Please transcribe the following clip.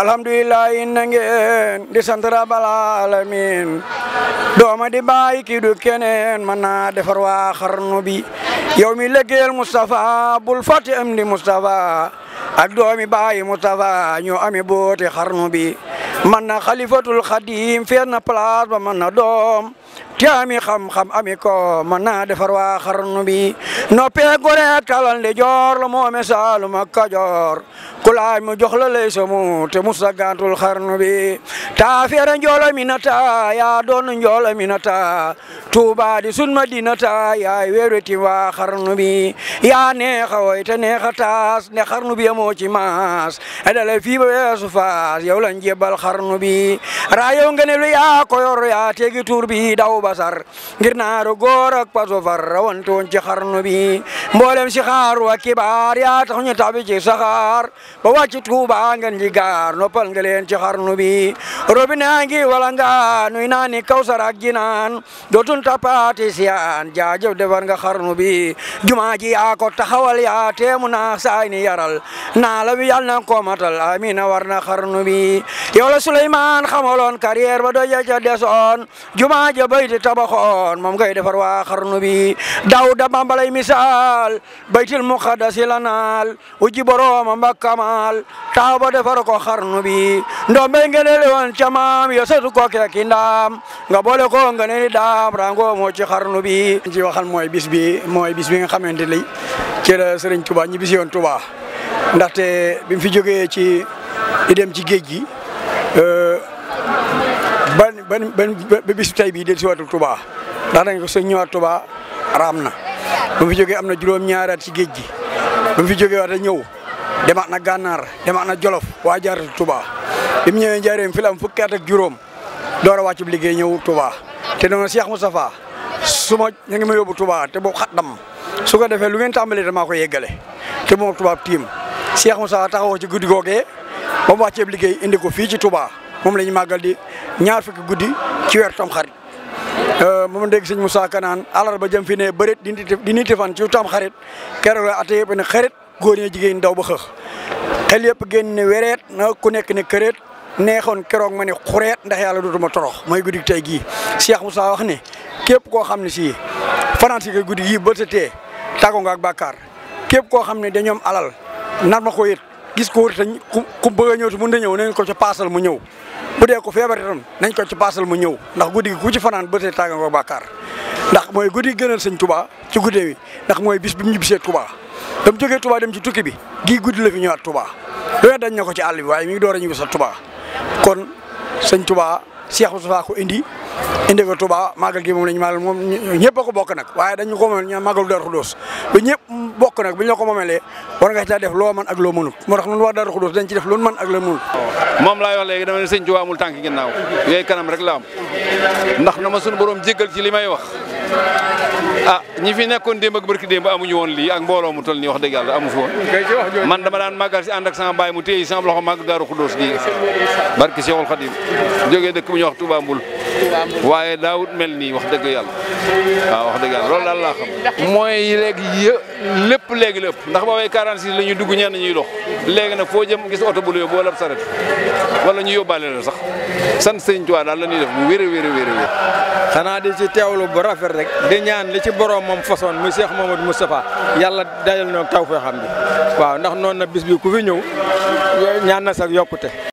alhamdulilah inna ngeen di sant rabal dooma di bàyyi kii du keneen mën naa defar waa bi yow mi liggéeyal Moustapha bul fàtte am di Moustapha ak doomi bàyyi Moustapha ñoo amee boote xarnu bi man na xalifatul xadim fees na ba man na doom te ami xam-xam ami ko mën naa defar wa waa xarnu bi noppee gore talal di joor la moome Saalum a Kajoor ku laaj mu jox la lay somu te musa gantul xarnu bi taa feere njoola mi na taa yaa doon njoola mi na taa Tuuba di sun Madina taa yaay weereti waa xarnu bi yaa neexa woy te neexa taas ne xarnu bi moo ci maas edale fii ba weesu faas yow lañ jébbal xarnu bi raa ngene lu yaa ko yor yaa tegi tur bi taw basar ngir naaru góor ak paso far rawantoon ci xarnu bi mboolem si xaar wa kibaar yaa tax ñu tabi ci saxaar ba wàcc tuuba ngeen ji gaar noppal bi robi ngi wala nga nuy naa ni kawsar ak jinaan dootun tapaati siyaan jaajëf defar nga xarnu bi jumaa ji yaa ko taxawal yaa teemu naa saay ni yaral naa la wi yàlla na ko matal amina war na xarnu bi yow la Suleymaan xamaloon carrière ba doja ca desoon jumaa ja bayti tabaxoon moom ngay defar waa xarnu bi daawuda bambalay misaal baytil muqaddasi la naal uji boroomam ba kamaal taaw ba defar ko xarnu bi ndombey ngene lewoon ca maam yo satu ko keki ndaam nga boole ko nga ne ni daam rango moo ci xarnu bi ci waxal mooy bis bi mooy bis bi nga xamante li ci la Sëriñ Tuubaa ñi bisi yoon Tuubaa ndaxte bi fi jógee ci di ci géej gi euh, ban ban ba bisu tey bii de si waatul Touba ndax dañ ko sëñ ñëwaat Touba raam na ba mu fi jógee am na juróom-ñaari ci géej gi ba mu fi jóge waat ñëw demaat na gànnaar demaat na jolof waa jaaratul tubaa bi mu ñëwee njaareem fi la am fukki at juróom door a wàcc bu liggéey ñëw Touba te noonu Cheikh Moustapha su ma ñu ngi ma yóbbu Touba te boo xat dam su ko defee lu ngeen tàmbalee maa ko yeggale te moom Touba tiim Cheikh Moustapha woo ci guddi googee ba mu wàccee liggéey indi ko fii ci Touba. moom la ñu màggal di ñaar fukki guddi ci weer tamxarit euh, moom dégg sëñ Moussa Kanaan àllarba jëm fi ne bëreet di di nit fan ci tamxarit keroog la at yëpp ne xarit góor ñi jigéen ndaw ba xëx xel yëpp génn ne wereet na ku nekk ne këreet neexoon keroog ma ne xureet ndax yàlla dootuma torox mooy guddi tey gii Cheikh Moussa wax ne képp koo xam ne si fanaan si guddi gii ba sa tee nga ak bàkkaar képp koo xam ne dañoom alal nar ma ko yët gis ko wër ku bëgg a ñëw te mën na ñëw nañ ko ca paasal mu ñëw bu dee ko feebar itam nañ ko ci baasal mu ñëw ndax guddi gi ku ci fanaan bëtee tàgga ko bàkkaar ndax mooy guddi gi gënal sëñ Touba ci mooy bis bi mu ñibbisee Touba ba mu jógee Touba dem ci tukki bi gii guddi la fi a Touba loolu dañ na ko ci àll bi waaye mi ngi door a ñibbi sa Touba kon sëñ Touba Cheikh Moustapha ko indi indi ko Touba màggal gi moom lañu màggal moom ñëpp ko bokk nag waaye dañu ko moom ñaan màggalu Darou Khoudoss ba bokk nag bu ñu la ko moomelee war nga caa def loo loo mënut moo tax nun waa Daaru Xudoos def lu mën ak la mënut moom laay wax léegi dama ne sëñ Tuubaa amul tànk ginnaaw yooyu kanam rek la am ndax na ma suñu borom jéggal ci li may wax ah ñi fi nekkoon démb ak barki démb amuñu woon lii ak mbooloo mu toll nii wax dëgg yàlla amu fi woon man dama daan màggal si ànd ak sama baay mu téye sama loxo mag Daaru Xudoos gi barki Seexul Xadim jógee dëkk bu ñu wax Tuubaa Mbul waaye daa daawut mel nii wax dëgg yàlla waaw wax dëgg yàlla loolu daal laa xam. mooy léegi yë lépp léegi lépp ndax boobay 46 la ñuy dugg ñenn ñuy dox léegi na foo jëm gis oto bu la yóbbu wala saret wala ñu yóbbaale la sax sant sëñ Tuubaa daal la ñuy def bu wéré wéré wéré wéré. xanaa di ci teewlu bu rafet rek di ñaan li ci borom moom façon muy Cheikh Mamadou Moustapha yàlla dajal na taw fee xam waaw ndax noon na bis bi ku fi ñëw ñaan na sag yokkute.